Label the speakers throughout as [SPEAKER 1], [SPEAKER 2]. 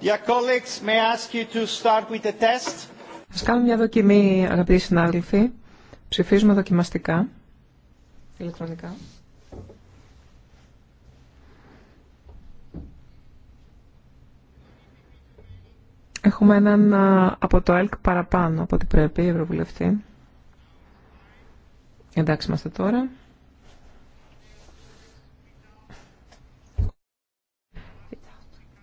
[SPEAKER 1] Dear κάνω
[SPEAKER 2] κάνουμε μια δοκιμή, αγαπητοί συνάδελφοι. Ψηφίζουμε δοκιμαστικά, ηλεκτρονικά. Έχουμε έναν από το ΕΛΚ παραπάνω από ό,τι πρέπει, Ευρωβουλευτή. Εντάξει είμαστε τώρα.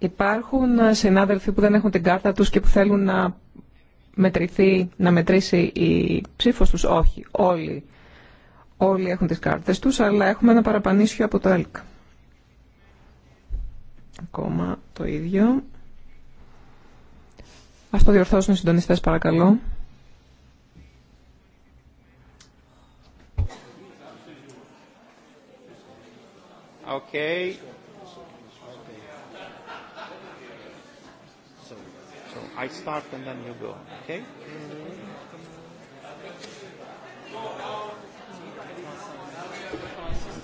[SPEAKER 2] Υπάρχουν ε, συνάδελφοι που δεν έχουν την κάρτα τους και που θέλουν να, μετρηθεί, να μετρήσει η ψήφος τους. Όχι, όλοι, όλοι έχουν τις κάρτες τους, αλλά έχουμε ένα παραπανίσιο από το ΕΛΚ. Ακόμα το ίδιο. Ας το διορθώσουν οι συντονιστές παρακαλώ.
[SPEAKER 1] Okay. I start and then you go, okay?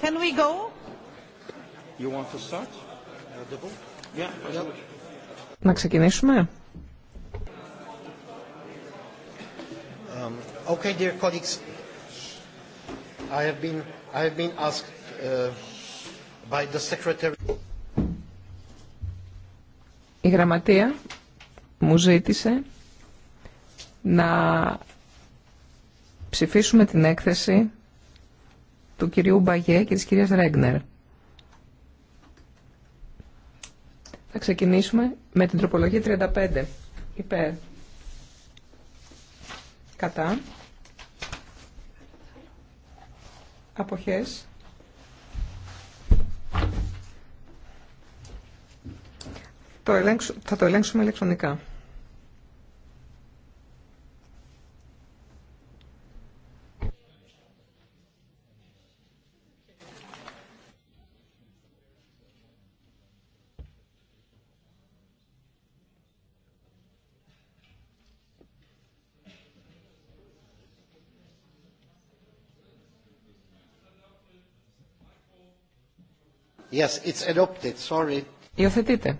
[SPEAKER 1] Can we go?
[SPEAKER 3] You want to start? Yeah.
[SPEAKER 2] Να ξεκινήσουμε.
[SPEAKER 1] Um, okay, dear colleagues, I have been I have been asked uh, by the secretary.
[SPEAKER 2] Η γραμματεία μου ζήτησε να ψηφίσουμε την έκθεση του κυρίου Μπαγιέ και της κυρίας Ρέγνερ. Θα ξεκινήσουμε με την τροπολογία 35. Υπέρ. Κατά. Αποχές. Το θα το ελέγξουμε ηλεκτρονικά. Yes, Υιοθετείτε.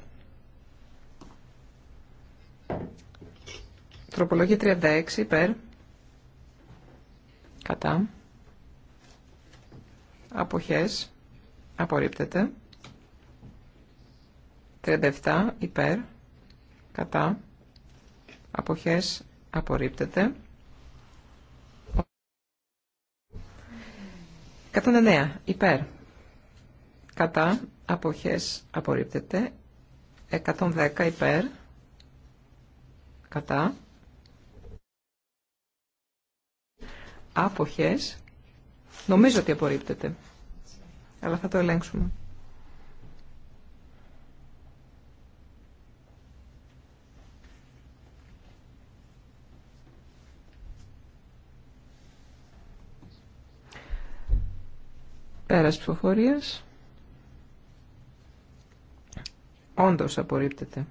[SPEAKER 2] Τροπολογία 36 υπέρ. Κατά. Αποχές. Απορρίπτεται. 37 υπέρ. Κατά. Αποχές. Απορρίπτεται. 109 υπέρ κατά αποχές απορρίπτεται 110 υπέρ κατά άποχες νομίζω ότι απορρίπτεται αλλά θα το ελέγξουμε πέρας ψηφοφορίας Όντως απορρίπτεται.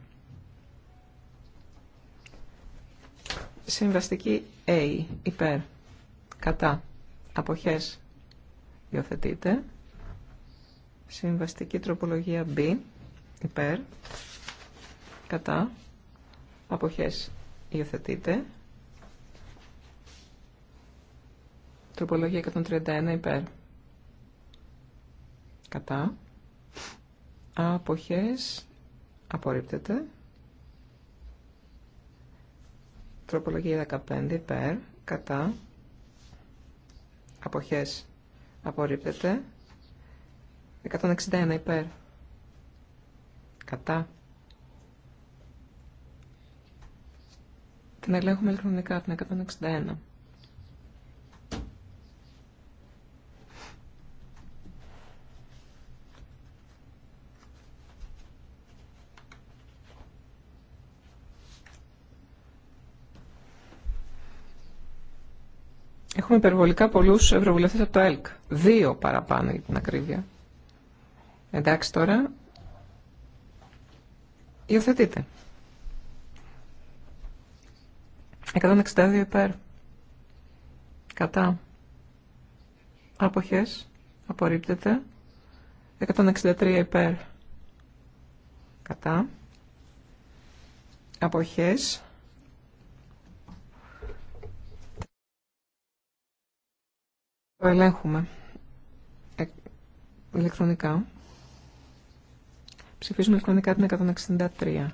[SPEAKER 2] Συμβαστική A, υπέρ, κατά, αποχές, υιοθετείται. Συμβαστική τροπολογία B, υπέρ, κατά, αποχές, υιοθετείται. Τροπολογία 131, υπέρ, κατά, αποχές, Απορρίπτεται. Τροπολογία 15 υπέρ. Κατά. Αποχές. Απορρίπτεται. 161 υπέρ. Κατά. Την ελέγχουμε ηλεκτρονικά την 161. έχουμε υπερβολικά πολλούς ευρωβουλευτές από το ΕΛΚ. Δύο παραπάνω για την ακρίβεια. Εντάξει τώρα. Υιοθετείτε. 162 υπέρ. Κατά. Αποχές. Απορρίπτεται. 163 υπέρ. Κατά. Αποχές. Το ελέγχουμε ε, ηλεκτρονικά. Ψηφίζουμε ηλεκτρονικά την 163.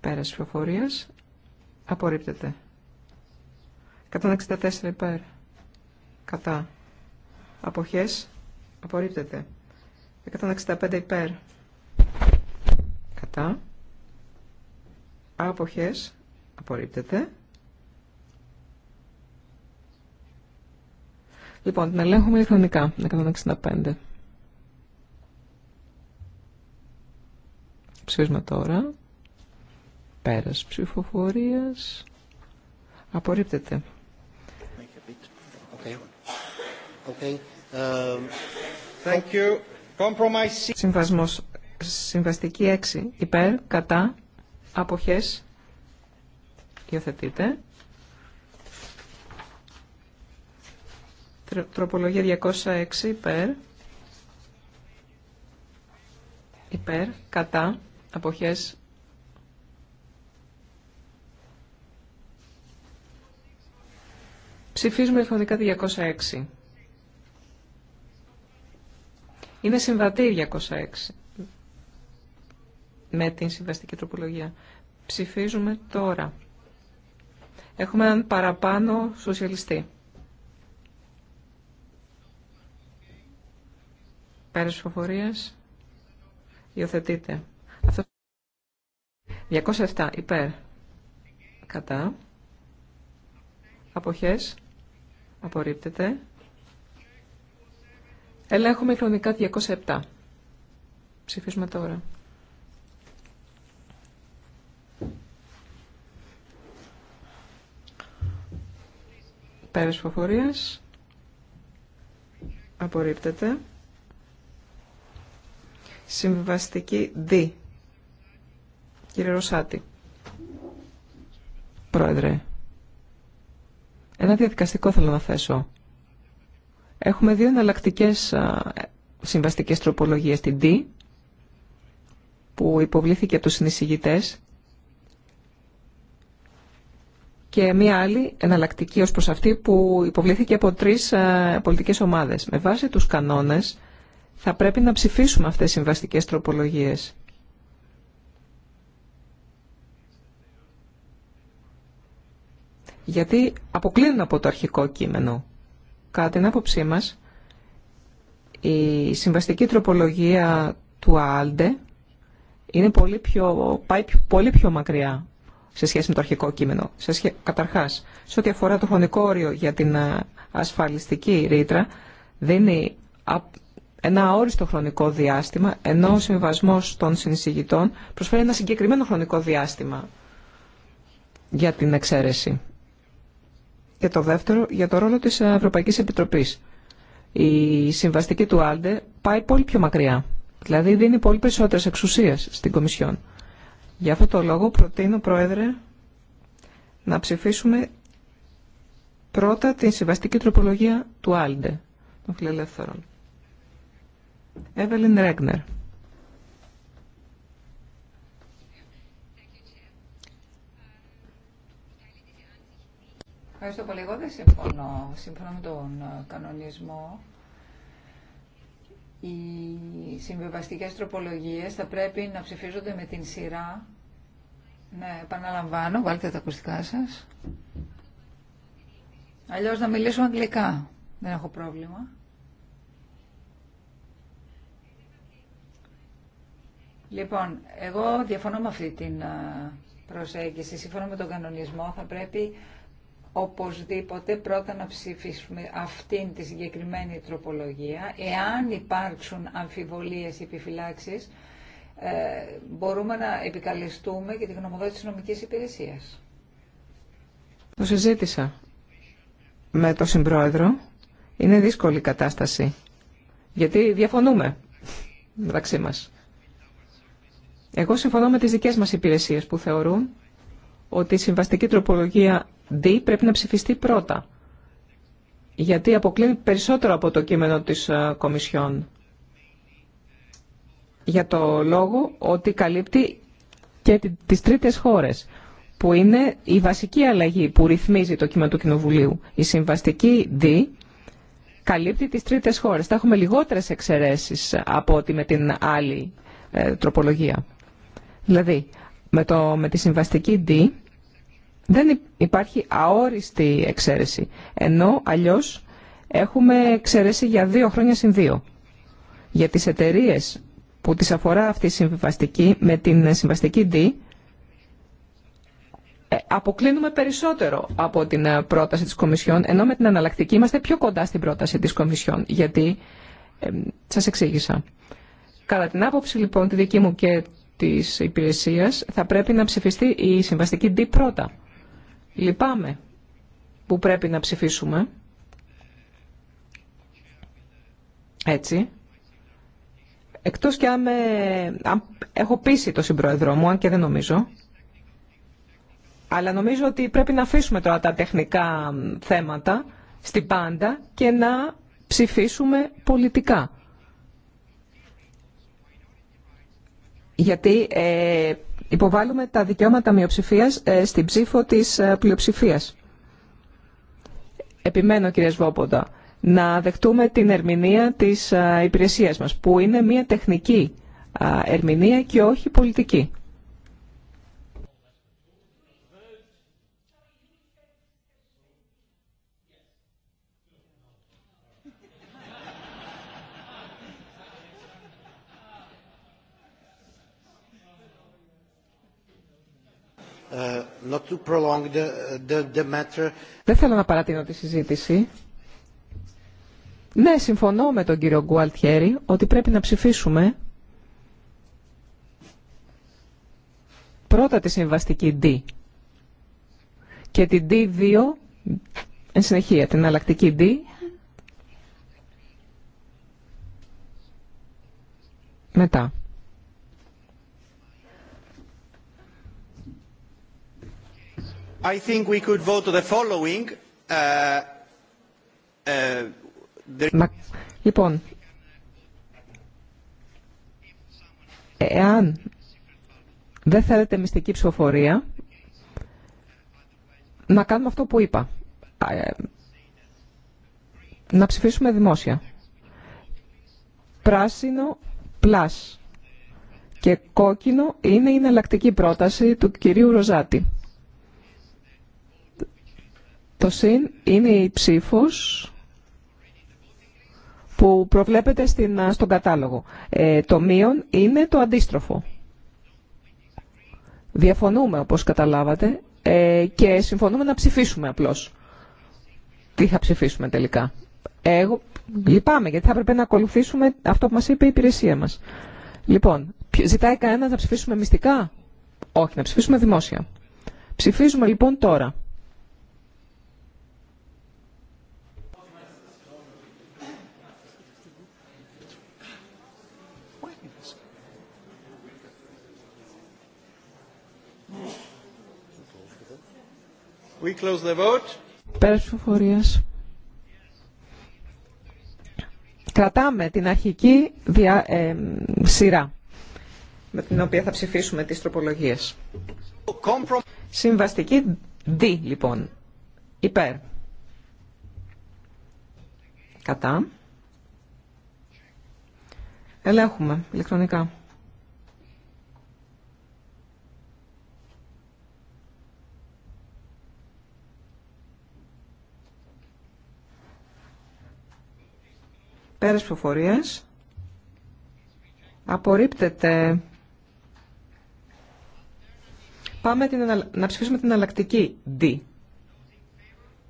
[SPEAKER 2] Πέρας ψηφοφορίας. Απορρίπτεται. 164 υπέρ. Κατά. Αποχές. Απορρίπτεται. 165 υπέρ. Κατά. Αποχές. Απορρίπτεται. Λοιπόν, την ελέγχουμε ηλεκτρονικά, 165. Ψήφισμα τώρα. Πέρας ψηφοφορίας. Απορρίπτεται.
[SPEAKER 1] Okay. Okay. Um,
[SPEAKER 2] Συμβασμός. Συμβαστική 6. Υπέρ, κατά, αποχές. Υιοθετείτε. Τροπολογία 206 υπέρ. Υπέρ, κατά, αποχές. Ψηφίζουμε ηλεκτρονικά 206. Είναι συμβατή η 206 με την συμβαστική τροπολογία. Ψηφίζουμε τώρα. Έχουμε έναν παραπάνω σοσιαλιστή. Πέρας ψηφοφορίας. Υιοθετείτε. 207 υπέρ. Κατά. Αποχές. Απορρίπτεται. Ελέγχουμε χρονικά 207. ψηφίσουμε τώρα. Πέρας ψηφοφορίας. Απορρίπτεται συμβαστική D. Κύριε Ρωσάτη. Πρόεδρε. Ένα διαδικαστικό θέλω να θέσω. Έχουμε δύο εναλλακτικέ συμβαστικές τροπολογίες. Την D που υποβλήθηκε από τους και μία άλλη εναλλακτική ως προ αυτή που υποβλήθηκε από τρεις πολιτικές ομάδες. Με βάση τους κανόνες θα πρέπει να ψηφίσουμε αυτές τις συμβαστικές τροπολογίες. Γιατί αποκλίνουν από το αρχικό κείμενο. Κατά την άποψή μας, η συμβαστική τροπολογία του ΑΛΔΕ είναι πολύ πιο, πάει πολύ πιο μακριά σε σχέση με το αρχικό κείμενο. Σε σχέ... Καταρχάς, σε ό,τι αφορά το χρονικό όριο για την ε, ασφαλιστική ρήτρα, δίνει ένα αόριστο χρονικό διάστημα, ενώ ο συμβιβασμό των συνεισηγητών προσφέρει ένα συγκεκριμένο χρονικό διάστημα για την εξαίρεση. Και το δεύτερο, για το ρόλο της Ευρωπαϊκής Επιτροπής. Η συμβαστική του Άλντε πάει πολύ πιο μακριά. Δηλαδή δίνει πολύ περισσότερε εξουσίες στην Κομισιόν. Για αυτό το λόγο προτείνω, Πρόεδρε, να ψηφίσουμε πρώτα την συμβαστική τροπολογία του Άλντε, των φιλελεύθερων. Εύελιν Ρέγνερ.
[SPEAKER 3] Ευχαριστώ πολύ. Εγώ δεν συμφωνώ. Συμφωνώ με τον ε, κανονισμό. Οι συμβιβαστικές τροπολογίες θα πρέπει να ψηφίζονται με την σειρά. Ναι, επαναλαμβάνω, βάλτε τα ακουστικά σας.
[SPEAKER 1] Αλλιώς να μιλήσω
[SPEAKER 3] αγγλικά. Δεν έχω πρόβλημα. Λοιπόν, εγώ διαφωνώ με αυτή την προσέγγιση. Σύμφωνα με τον κανονισμό θα πρέπει οπωσδήποτε πρώτα να ψηφίσουμε αυτήν τη συγκεκριμένη τροπολογία. Εάν υπάρξουν αμφιβολίες ή επιφυλάξεις, ε, μπορούμε να επικαλεστούμε και τη γνωμοδότηση της νομικής υπηρεσίας.
[SPEAKER 2] Το συζήτησα με τον συμπρόεδρο. Είναι δύσκολη η κατάσταση, γιατί διαφωνούμε μεταξύ μας. Εγώ συμφωνώ με τις δικές μας υπηρεσίες που θεωρούν ότι η συμβαστική τροπολογία D πρέπει να ψηφιστεί πρώτα, γιατί αποκλίνει περισσότερο από το κείμενο της ε, Κομισιόν. Για το λόγο ότι καλύπτει και τις τρίτες χώρες, που είναι η βασική αλλαγή που ρυθμίζει το κείμενο του Κοινοβουλίου. Η συμβαστική D καλύπτει τις τρίτες χώρες. Θα έχουμε λιγότερες εξαιρέσεις από ό,τι με την άλλη ε, τροπολογία. Δηλαδή, με, το, με τη συμβαστική D δεν υπάρχει αόριστη εξαίρεση, ενώ αλλιώς έχουμε εξαίρεση για δύο χρόνια συν δύο. Για τις εταιρείε που τις αφορά αυτή η συμβαστική, με την συμβαστική D, ε, αποκλίνουμε περισσότερο από την ε, πρόταση της Κομισιόν, ενώ με την αναλλακτική είμαστε πιο κοντά στην πρόταση της Κομισιόν, γιατί ε, σας εξήγησα. Κατά την άποψη λοιπόν τη δική μου και Τη υπηρεσία θα πρέπει να ψηφιστεί η συμβαστική D πρώτα. Λυπάμαι που πρέπει να ψηφίσουμε. Έτσι. Εκτός και αν, έχω πείσει το συμπρόεδρό μου, αν και δεν νομίζω. Αλλά νομίζω ότι πρέπει να αφήσουμε τώρα τα τεχνικά θέματα στην πάντα και να ψηφίσουμε πολιτικά. γιατί ε, υποβάλλουμε τα δικαιώματα μειοψηφίας ε, στην ψήφο της ε, πλειοψηφίας. Επιμένω, κύριε Σβόποντα, να δεχτούμε την ερμηνεία της ε, υπηρεσίας μας, που είναι μια τεχνική ε, ερμηνεία και όχι πολιτική. Ε, Δεν θέλω να παρατείνω τη συζήτηση. Ναι, συμφωνώ με τον κύριο Γκουαλτιέρη ότι πρέπει να ψηφίσουμε πρώτα τη συμβαστική D και την D2 εν συνεχεία, την αλλακτική D μετά. Λοιπόν, εάν δεν θέλετε μυστική ψηφοφορία, να κάνουμε αυτό που είπα. Ε, να ψηφίσουμε δημόσια. Πράσινο πλάς και κόκκινο είναι η εναλλακτική πρόταση του κυρίου Ροζάτη. Το ΣΥΝ είναι η ψήφος που προβλέπεται στην, στον κατάλογο. Ε, το μείον είναι το αντίστροφο. Διαφωνούμε, όπως καταλάβατε, ε, και συμφωνούμε να ψηφίσουμε απλώς. Τι θα ψηφίσουμε τελικά. Εγώ λυπάμαι, γιατί θα έπρεπε να ακολουθήσουμε αυτό που μας είπε η υπηρεσία μας. Λοιπόν, ζητάει κανένα να ψηφίσουμε μυστικά. Όχι, να ψηφίσουμε δημόσια. Ψηφίζουμε λοιπόν τώρα. We Κρατάμε την αρχική δια, ε, σειρά με την οποία θα ψηφίσουμε τις τροπολογίες. Συμβαστική D, λοιπόν. Υπέρ. Κατά. Ελέγχουμε ηλεκτρονικά. Πέρας Απορρίπτεται. Πάμε την, να ψηφίσουμε την αλλακτική D.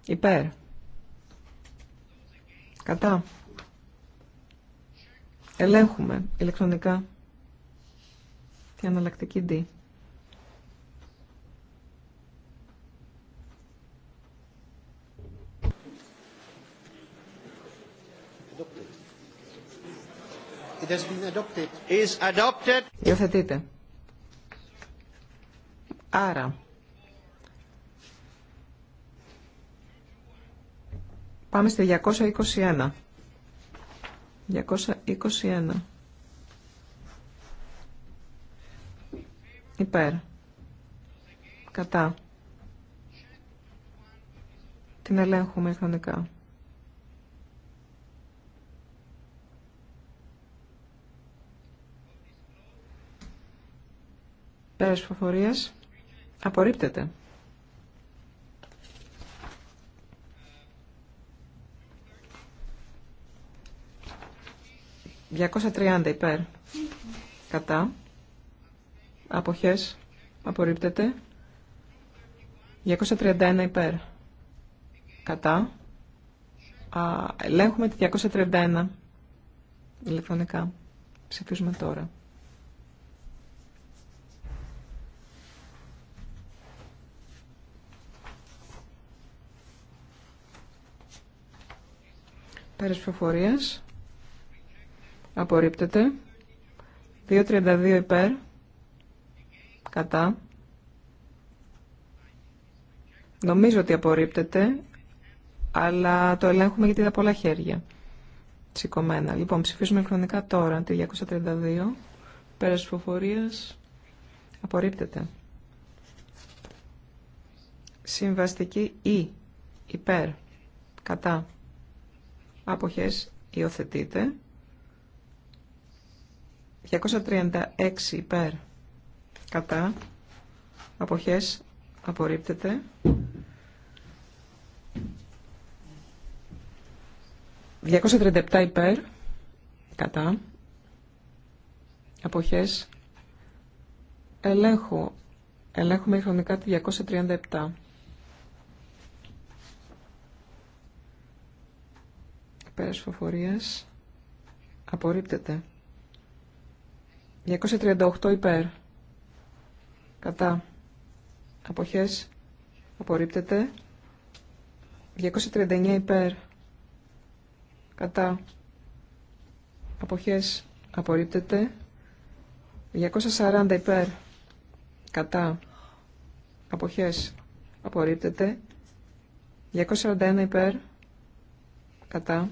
[SPEAKER 2] Υπέρ. Κατά. Ελέγχουμε ηλεκτρονικά την αναλλακτική D.
[SPEAKER 1] It
[SPEAKER 2] Άρα, πάμε στη 221. 221. Υπέρ. Κατά. Την ελέγχουμε χρονικά. Πέρας φοφορίας Απορρίπτεται. ...230 υπέρ... ...κατά... ...αποχές... ...απορρίπτεται... ...231 υπέρ... ...κατά... Α, ...ελέγχουμε τη 231... ...ηλεκτρονικά... ...ψηφίζουμε τώρα... Πέρας ψηφοφορίας. Απορρίπτεται. 2.32 υπέρ. Κατά. Νομίζω ότι απορρίπτεται, αλλά το ελέγχουμε γιατί είδα πολλά χέρια σηκωμένα. Λοιπόν, ψηφίζουμε χρονικά τώρα τη 232. Πέρας ψηφοφορίας. Απορρίπτεται. Συμβαστική Ή. E. Υπέρ. Κατά. Αποχές υιοθετείται. 236 υπέρ. Κατά. Αποχές απορρίπτεται. 237 υπέρ. Κατά. Αποχές. Ελέγχω. Ελέγχουμε χρονικά τη 237. Πέρας φοφορίας. Απορρίπτεται. 238 υπέρ. Κατά. Αποχές. Απορρίπτεται. 239 υπέρ. Κατά. Αποχές. Απορρίπτεται. 240 υπέρ. Κατά. Αποχές. Απορρίπτεται. 241 υπέρ. Κατά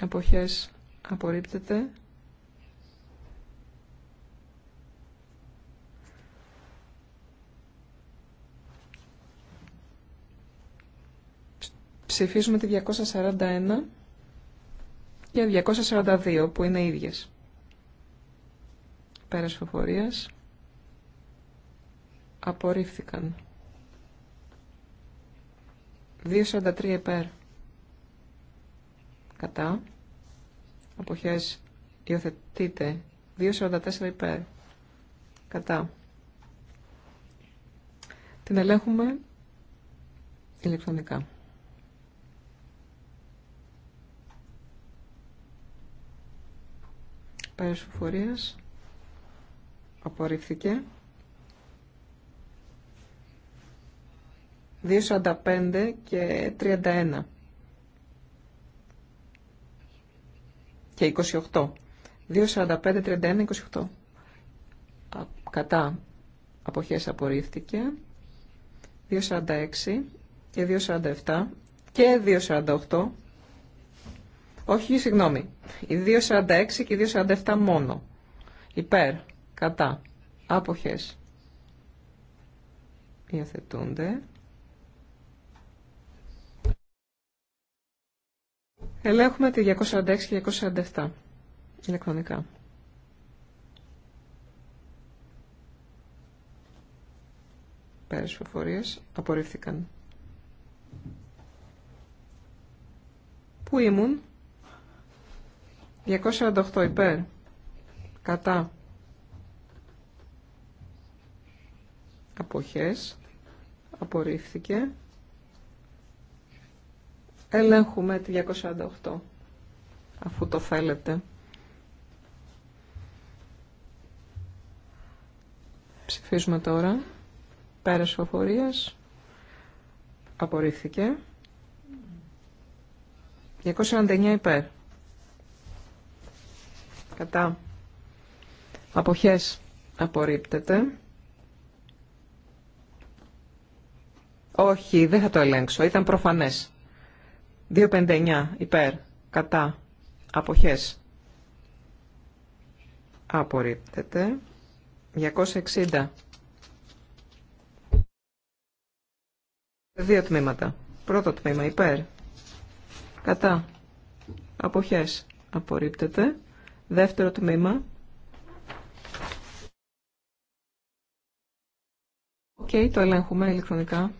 [SPEAKER 2] αποχές απορρίπτεται. Ψηφίζουμε τη 241 και 242 που είναι ίδιες. Πέρας φοφορίας απορρίφθηκαν. 2.43 υπέρ κατά, αποχές υιοθετείται 2.44 υπέρ, κατά. Την ελέγχουμε ηλεκτρονικά. Πέρας φορείας απορρίφθηκε. 2.45 και 31 και 28. 2.45, 31, 28. Κατά αποχές απορρίφθηκε. 2.46 και 2.47 και 2.48. Όχι, συγγνώμη. Οι 2.46 και οι 2.47 μόνο. Υπέρ, κατά, άποχες. Υιοθετούνται. Ελέγχουμε τη 246 και 247 ηλεκτρονικά. Πέρες απορρίφθηκαν. Πού ήμουν? 248 υπέρ. Κατά. Αποχές. Απορρίφθηκε. Ελέγχουμε τη 248, αφού το θέλετε. Ψηφίζουμε τώρα. Πέρας φοφορίας. Απορρίφθηκε. 249 υπέρ. Κατά. Αποχές απορρίπτεται. Όχι, δεν θα το ελέγξω. Ήταν προφανές. 259 υπέρ, κατά, αποχές, απορρίπτεται. 260. Δύο τμήματα. Πρώτο τμήμα υπέρ, κατά, αποχές, απορρίπτεται. Δεύτερο τμήμα. Οκ, το ελέγχουμε ηλεκτρονικά.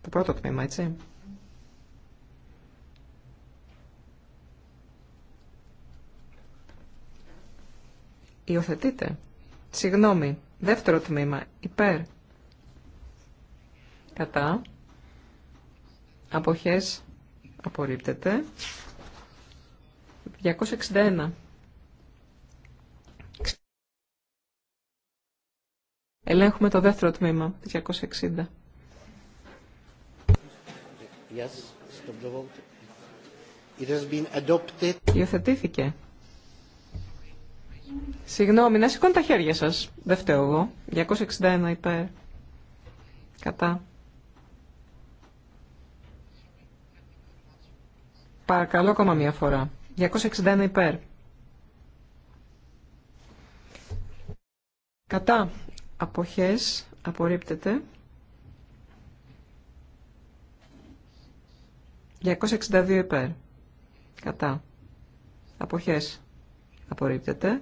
[SPEAKER 2] Το πρώτο τμήμα, έτσι. Υιοθετείτε. Συγγνώμη. Δεύτερο τμήμα. Υπέρ. Κατά. Αποχές. Απορρίπτεται. 261. Ελέγχουμε το δεύτερο τμήμα, 260. Υιοθετήθηκε. Συγγνώμη, να σηκώνω τα χέρια σας. Δεν φταίω εγώ. 261 υπέρ. Κατά. Παρακαλώ ακόμα μία φορά. 261 υπέρ. Κατά. Αποχές. Απορρίπτεται. 262 υπέρ. Κατά. Αποχές. Απορρίπτεται.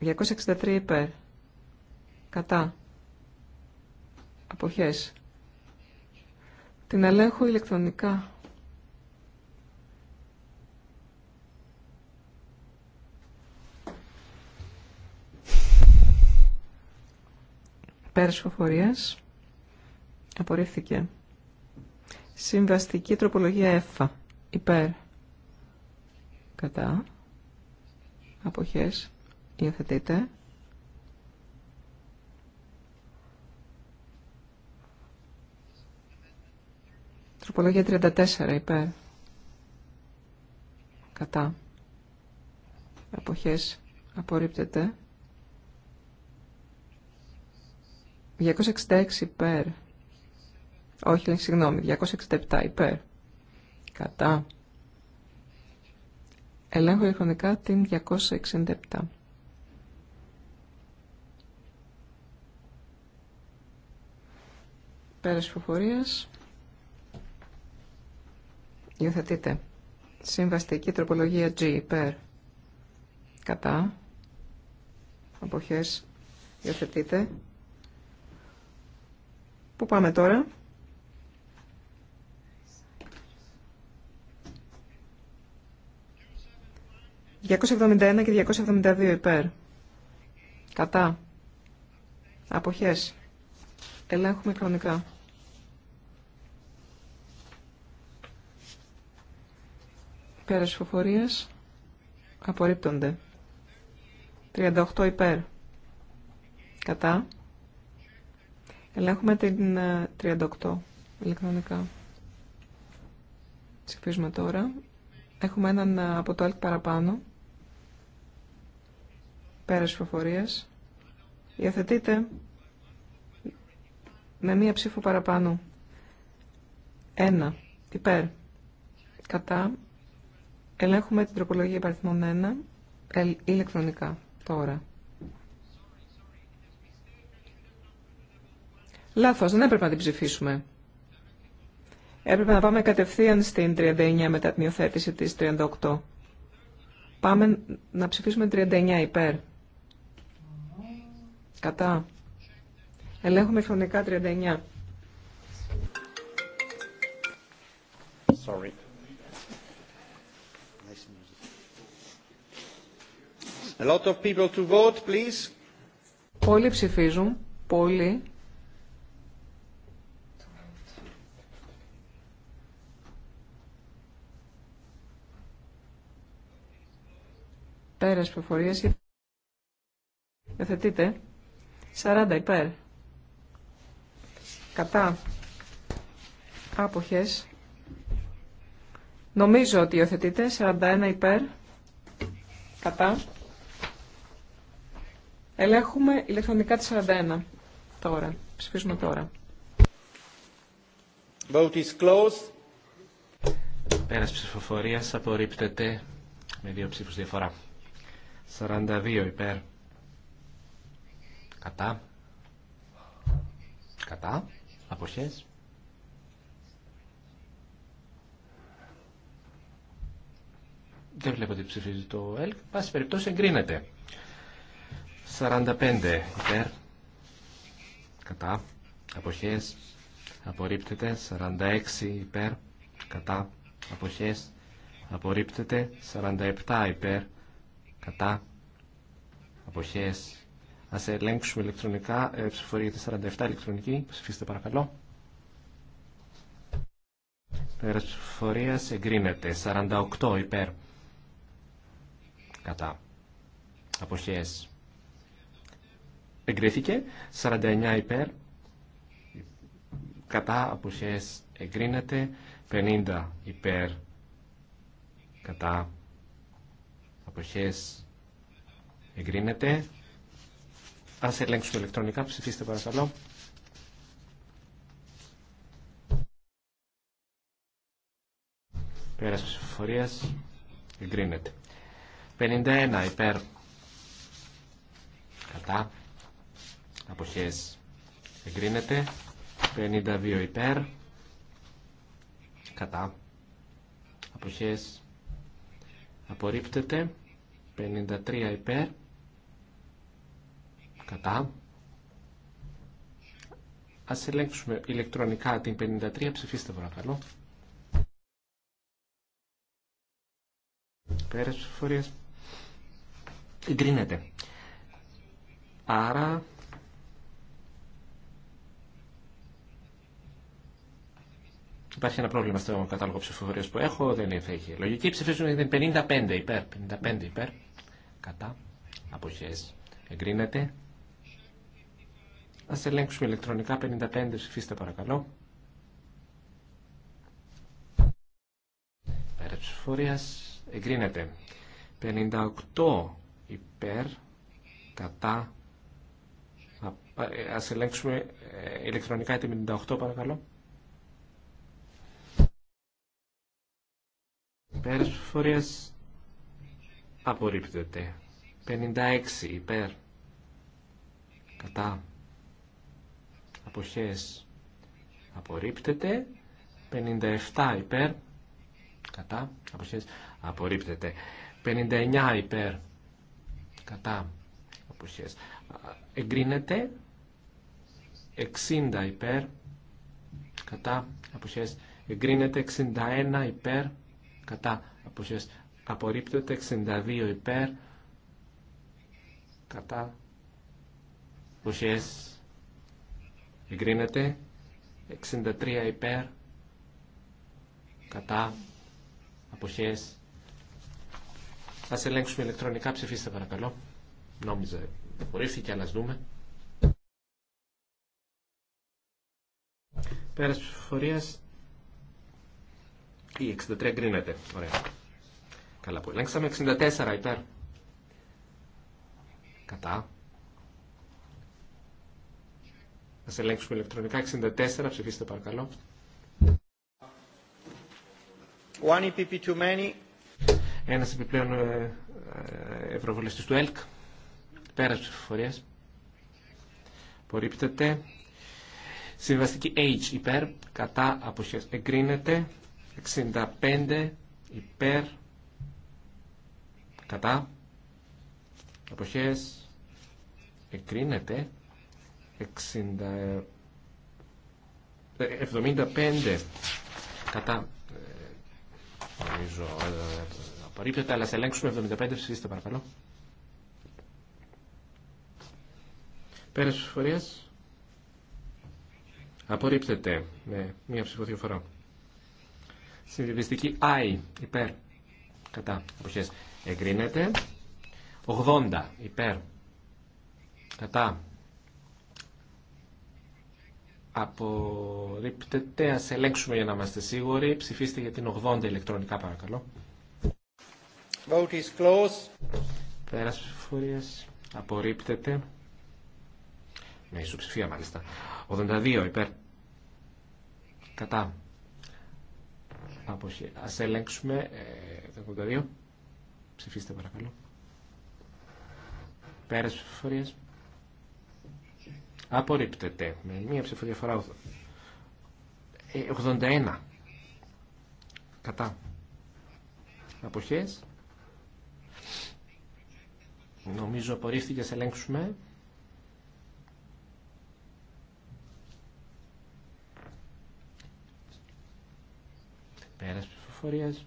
[SPEAKER 2] 263 υπέρ. Κατά. Αποχές. Την ελέγχω ηλεκτρονικά. Πέρας φορείας Απορρίφθηκε. Συμβαστική τροπολογία ΕΦΑ Υπέρ. Κατά. Αποχές. Υιοθετείτε. Τροπολογία 34 υπέρ. Κατά. Αποχές απορρίπτεται. 266 υπέρ. Όχι, συγγνώμη, 267 υπέρ. Κατά. Ελέγχω ηλεκτρονικά την 267. Πέρας ψηφοφορίας. Υιοθετείτε. Συμβαστική τροπολογία G υπέρ. Κατά. Αποχές. Υιοθετείτε. Πού πάμε τώρα. «271 και 272 υπέρ. Κατά. Αποχές. Ελέγχουμε ηλεκτρονικά. Πέρας ψηφοφορίας. Απορρίπτονται. 38 υπέρ. Κατά. Ελέγχουμε την 38 ε, ηλεκτρονικά. Ψηφίζουμε τώρα. Έχουμε έναν ε, από το άλλο παραπάνω. Πέρας η Υιοθετείτε με μία ψήφο παραπάνω. Ένα. Υπέρ. Κατά. Ελέγχουμε την τροπολογία υπαριθμών 1 ε, ηλεκτρονικά τώρα. Λάθος, δεν έπρεπε να την ψηφίσουμε. Έπρεπε να πάμε κατευθείαν στην 39 μετά την υιοθέτηση της 38. Πάμε να ψηφίσουμε 39 υπέρ. Κατά. Ελέγχουμε χρονικά 39.
[SPEAKER 1] Sorry. A lot of people to vote, please.
[SPEAKER 2] Πολλοί ψηφίζουν. Πολλοί. Πέρας προφορίας. Υιοθετείτε. 40 υπέρ κατά άποχες νομίζω ότι υιοθετείται 41 υπέρ κατά ελέγχουμε ηλεκτρονικά τη 41 τώρα ψηφίζουμε τώρα
[SPEAKER 1] Vote is closed. Πέρας ψηφοφορίας απορρίπτεται με δύο ψήφους διαφορά. 42 υπέρ. Κατά. Κατά. Αποχές. Δεν βλέπω ότι ψηφίζει το ΕΛΚ. Πάση περιπτώσει εγκρίνεται. 45 υπέρ. Κατά. Αποχές. Απορρίπτεται. 46 υπέρ. Κατά. Αποχές. Απορρίπτεται. 47 υπέρ. Κατά. Αποχές Ας ελέγξουμε ηλεκτρονικά. Ε, 47 ηλεκτρονική. Ψηφίστε παρακαλώ. Πέρας ψηφοφορίας εγκρίνεται. 48 υπέρ. Κατά. Αποχές. Εγκρίθηκε. 49 υπέρ. Κατά. Αποχές. Εγκρίνεται. 50 υπέρ. Κατά. Αποχές. Εγκρίνεται. Ας ελέγξουμε ηλεκτρονικά. Ψηφίστε παρακαλώ. Πέρας ψηφοφορίας. Εγκρίνεται. 51 υπέρ. Κατά. Αποχές. Εγκρίνεται. 52 υπέρ. Κατά. Αποχές. Απορρίπτεται. 53 υπέρ Κατά. Ας ελέγξουμε ηλεκτρονικά την 53. Ψηφίστε παρακαλώ. Πέρας ψηφορίας. Εγκρίνεται. Άρα... Υπάρχει ένα πρόβλημα στο κατάλογο ψηφοφορία που έχω, δεν έχει λογική. Ψηφίζουμε την 55 υπέρ. 55 υπέρ. Κατά. Αποχές. Εγκρίνεται. Α ελέγξουμε ηλεκτρονικά 55, ψηφίστε παρακαλώ. Πέρα ψηφορία εγκρίνεται. 58 υπέρ, κατά, ε, ας ελέγξουμε ε, ηλεκτρονικά τη 58 παρακαλώ. Πέρα ψηφορία απορρίπτεται. 56 υπέρ, κατά, αποχές απορρίπτεται 57 υπέρ κατά αποχές απορρίπτεται 59 υπέρ κατά αποχές εγκρίνεται 60 υπέρ κατά αποχές εγκρίνεται 61 υπέρ κατά αποχές απορρίπτεται 62 υπέρ κατά αποχές εγκρίνεται 63 υπέρ κατά αποχές ας ελέγξουμε ηλεκτρονικά ψηφίστε παρακαλώ νόμιζα απορρίφθηκε αλλά ας δούμε πέρας ψηφοφορίας η 63 εγκρίνεται ωραία καλά που ελέγξαμε 64 υπέρ κατά Ας ελέγξουμε ηλεκτρονικά. 64. Ψηφίστε παρακαλώ. One EPP too many. Ένας επιπλέον ε, ε, ευρωβουλευτής του ΕΛΚ. Πέρας ψηφοφορίας. Απορρίπτεται. Συμβαστική H υπέρ, κατά αποχές. Εγκρίνεται. 65 υπέρ, κατά αποχές. Εγκρίνεται. 75 ε, κατά ε, νομίζω ε, απορρίπτεται αλλά σε ελέγξουμε 75 ψηφίστε παρακαλώ πέρας ψηφορίας απορρίπτεται με μία ψηφοδιο φορά συνδυαστική I υπέρ κατά αποχές εγκρίνεται 80 υπέρ κατά απορρίπτεται. α ελέγξουμε για να είμαστε σίγουροι. Ψηφίστε για την 80 ηλεκτρονικά παρακαλώ. Vote is close. Απορρίπτεται. Με ισοψηφία μάλιστα. 82 υπέρ. Κατά. Αποχή. Ας ελέγξουμε. 82. Ε, Ψηφίστε παρακαλώ. Πέρας ψηφοφορία. Απορρίπτεται. Με μία ψηφοδιαφορά 81. Ε, Κατά. Αποχές. Νομίζω απορρίφθηκε. Σε ελέγξουμε. Πέρας ψηφοφορίας.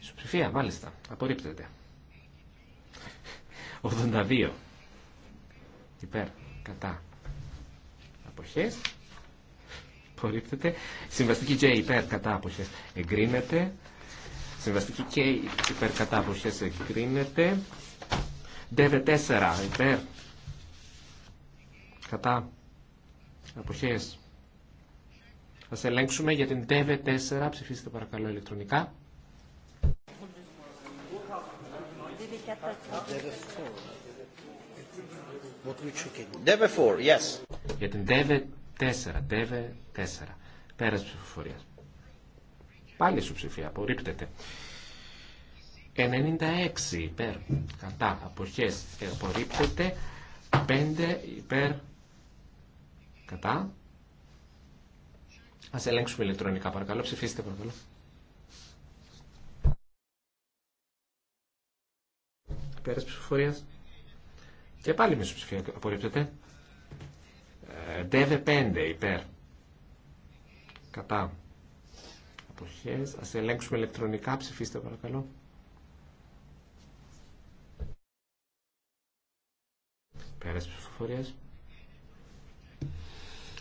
[SPEAKER 1] Ισοψηφία, μάλιστα. Απορρίπτεται. 82 υπέρ, κατά, αποχές, Συμβαστική J υπέρ, κατά, αποχές, εγκρίνεται. Συμβαστική K υπέρ, κατά, αποχές, εγκρίνεται. DV4 υπέρ, κατά, αποχές. Θα ελέγξουμε για την DV4, ψηφίστε παρακαλώ yes. Για την Deve 4, Deve 4. Πέρασε ψηφοφορία. Πάλι σου ψηφία, απορρίπτεται. 96 υπέρ, κατά, αποχές, ε, απορρίπτεται. 5 υπέρ, κατά. Ας ελέγξουμε ηλεκτρονικά, παρακαλώ, ψηφίστε παρακαλώ. Πέρασε ψηφοφορία. Και πάλι μισοψηφία απορρίπτεται. Ε, Δεύε 5 υπέρ. Κατά. Αποχές. Ας ελέγξουμε ηλεκτρονικά. Ψηφίστε παρακαλώ. Πέρασε ψηφοφορίας.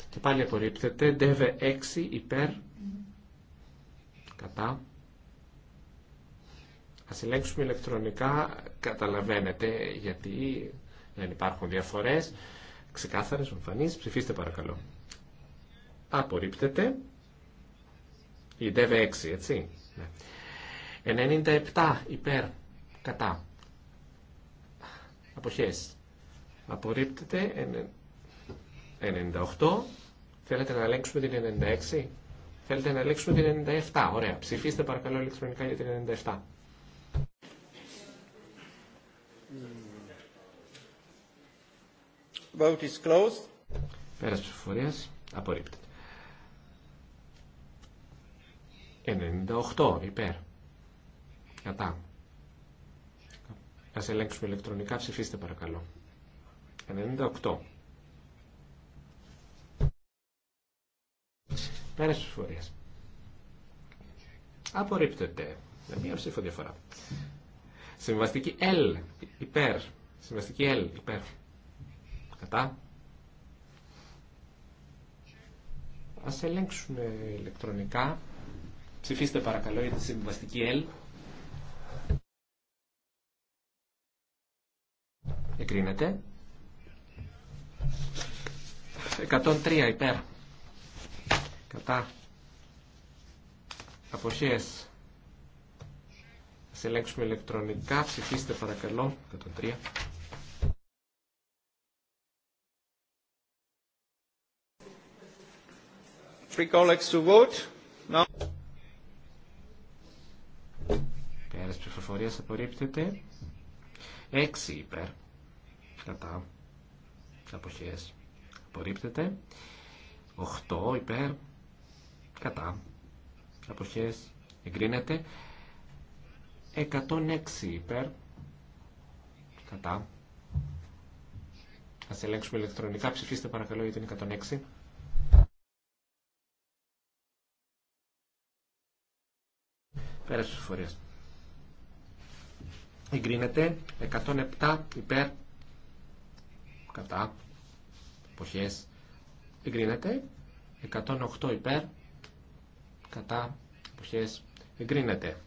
[SPEAKER 1] Και πάλι απορρίπτεται. Δεύε 6 υπέρ. Κατά. Ας ελέγξουμε ηλεκτρονικά. Καταλαβαίνετε γιατί δεν υπάρχουν διαφορέ. Ξεκάθαρες, εμφανεί. Ψηφίστε παρακαλώ. Απορρίπτεται. Η ΔΕΒΕ 6, έτσι. Ναι. 97 υπέρ. Κατά. Αποχέ. Απορρίπτεται. 98. Θέλετε να ελέγξουμε την 96. Θέλετε να ελέγξουμε την 97. Ωραία. Ψηφίστε παρακαλώ ηλεκτρονικά για την 97. Vote is closed. Πέρας ψηφοφορίας. Απορρίπτεται. 98 υπέρ. Κατά. Ας ελέγξουμε ηλεκτρονικά. Ψηφίστε παρακαλώ. 98. Πέρα τη ψηφοφορίας. Απορρίπτεται. Με μία ψήφο διαφορά. Συμβαστική L. Υπέρ. Συμβαστική L. Υπέρ. Κατά. Ας ελέγξουμε ηλεκτρονικά. Ψηφίστε παρακαλώ για τη συμβαστική L. Εκρίνεται. 103 υπέρ. Κατά. Αποχές. Ας ελέγξουμε ηλεκτρονικά. Ψηφίστε παρακαλώ. 103.
[SPEAKER 2] Three colleagues to vote.
[SPEAKER 1] Πέρας απορρίπτεται. 6 υπέρ. Κατά. Αποχές. Απορρίπτεται. 8 υπέρ. Κατά. Αποχές. Εγκρίνεται. 106 υπέρ. Κατά. Ας ελέγξουμε ηλεκτρονικά. Ψηφίστε παρακαλώ για την 106. Πέρα στους Εγκρίνεται 107 υπέρ κατά εποχές. Εγκρίνεται 108 υπέρ κατά εποχές. Εγκρίνεται.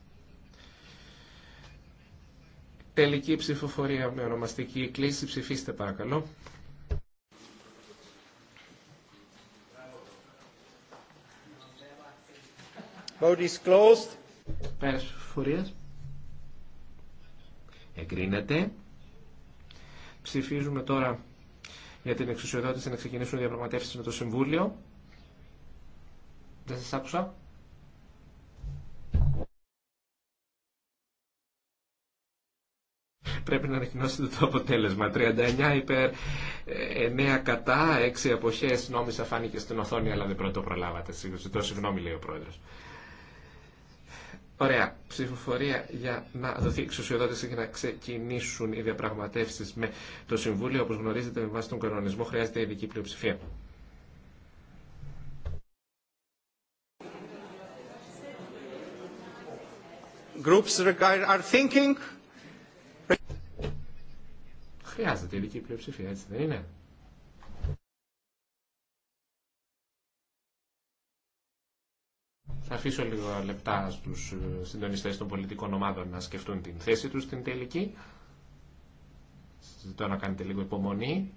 [SPEAKER 1] Τελική ψηφοφορία με ονομαστική κλίση. Ψηφίστε παρακαλώ. Vote is closed. Πέρας ψηφοφορίας. Εγκρίνεται. Ψηφίζουμε τώρα για την εξουσιοδότηση να ξεκινήσουν διαπραγματεύσεις με το Συμβούλιο. Δεν σας άκουσα. Πρέπει να ανακοινώσετε το αποτέλεσμα. 39 υπέρ 9 κατά, 6 αποχές. Νόμισα φάνηκε στην οθόνη αλλά δεν πρώτο προλάβατε. Ζητώ συγγνώμη λέει ο πρόεδρος. Ωραία. Ψηφοφορία για να δοθεί εξουσιοδότηση και να ξεκινήσουν οι διαπραγματεύσει με το Συμβούλιο. Όπω γνωρίζετε, με βάση τον κανονισμό χρειάζεται ειδική πλειοψηφία. Groups are thinking. Χρειάζεται ειδική πλειοψηφία, έτσι δεν είναι. Θα αφήσω λίγο λεπτά στους ε, συντονιστές των πολιτικών ομάδων να σκεφτούν την θέση τους στην τελική. Ζητώ να κάνετε λίγο υπομονή.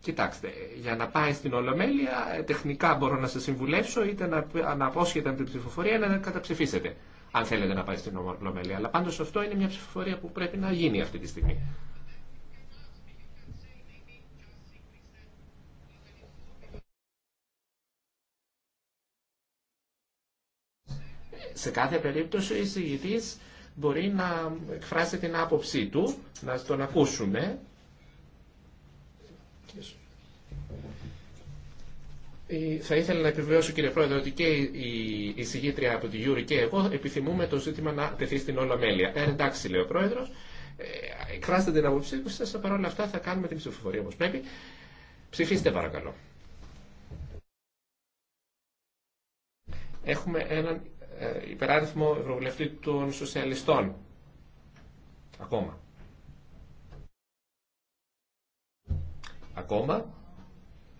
[SPEAKER 1] Κοιτάξτε, για να πάει στην Ολομέλεια, ε, τεχνικά μπορώ να σας συμβουλεύσω είτε να, αναπόσχετε την ψηφοφορία να καταψηφίσετε, αν θέλετε να πάει στην Ολομέλεια. Αλλά πάντως αυτό είναι μια ψηφοφορία που πρέπει να γίνει αυτή τη στιγμή. σε κάθε περίπτωση ο εισηγητής μπορεί να εκφράσει την άποψή του, να τον ακούσουμε. Ε, θα ήθελα να επιβεβαιώσω κύριε Πρόεδρε ότι και η εισηγήτρια από τη Γιούρη και εγώ επιθυμούμε το ζήτημα να τεθεί στην Ολομέλεια. Ε, εντάξει λέει ο Πρόεδρος, ε, εκφράστε την άποψή σας, παρόλα αυτά θα κάνουμε την ψηφοφορία όπως πρέπει. Ψηφίστε παρακαλώ. Έχουμε έναν ε, υπεράριθμο ευρωβουλευτή των σοσιαλιστών. Ακόμα. Ακόμα.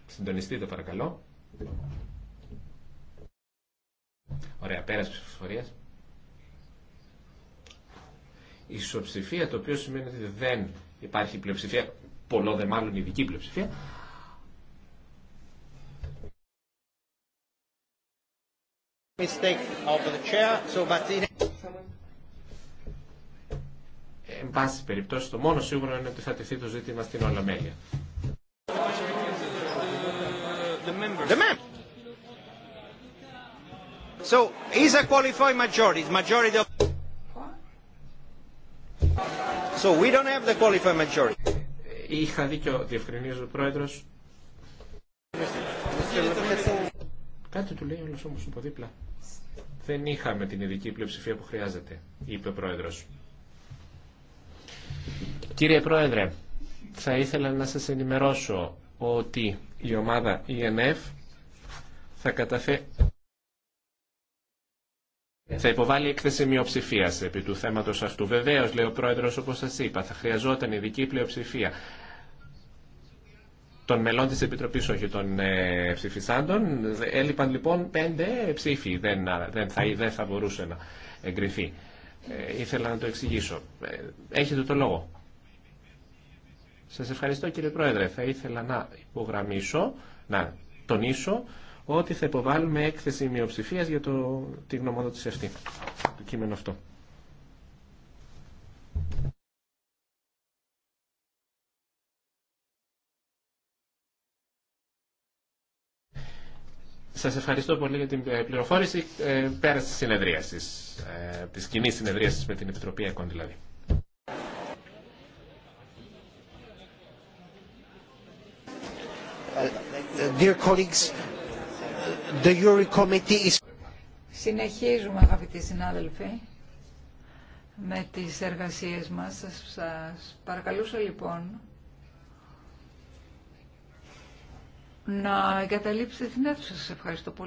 [SPEAKER 1] Συντονιστείτε παρακαλώ. Ωραία, πέρας ψηφοφορίας. Ισοψηφία, το οποίο σημαίνει ότι δεν υπάρχει πλειοψηφία, πολλό δε μάλλον ειδική πλειοψηφία, mistake of the chair, so but in... Εν πάση περιπτώσει, το μόνο σίγουρο είναι ότι θα τεθεί το ζήτημα στην Ολομέλεια. The So, is a qualified majority. Majority of. So we don't have the qualified majority. Είχα δίκιο, διευκρινίζει ο πρόεδρος. Κάτι του λέει όλος όμως από δίπλα δεν είχαμε την ειδική πλειοψηφία που χρειάζεται, είπε ο Πρόεδρος. Κύριε Πρόεδρε, θα ήθελα να σας ενημερώσω ότι η ομάδα ENF θα καταφέρει Θα υποβάλει έκθεση μειοψηφία επί του θέματο αυτού. Βεβαίω, λέει ο πρόεδρο, όπω σα είπα, θα χρειαζόταν ειδική πλειοψηφία των μελών της Επιτροπής, όχι των ε, ψηφισάντων. Έλειπαν λοιπόν πέντε ψήφοι, δεν, δεν, θα, δεν θα μπορούσε να εγκριθεί. Ε, ήθελα να το εξηγήσω. Ε, έχετε το λόγο. Σας ευχαριστώ κύριε Πρόεδρε. Θα ήθελα να υπογραμμίσω, να τονίσω, ότι θα υποβάλουμε έκθεση μειοψηφίας για το, τη της αυτή, το κείμενο αυτό. Σας ευχαριστώ πολύ για την ε, πληροφόρηση ε, πέρα της συνεδρίασης, ε, της κοινής συνεδρίασης με την Επιτροπή ΕΚΟΝ δηλαδή. Dear colleagues, the Committee is...
[SPEAKER 3] Συνεχίζουμε αγαπητοί συνάδελφοι με τις εργασίες μας. Σας παρακαλούσα λοιπόν να εγκαταλείψετε την αίθουσα. Σας ευχαριστώ πολύ.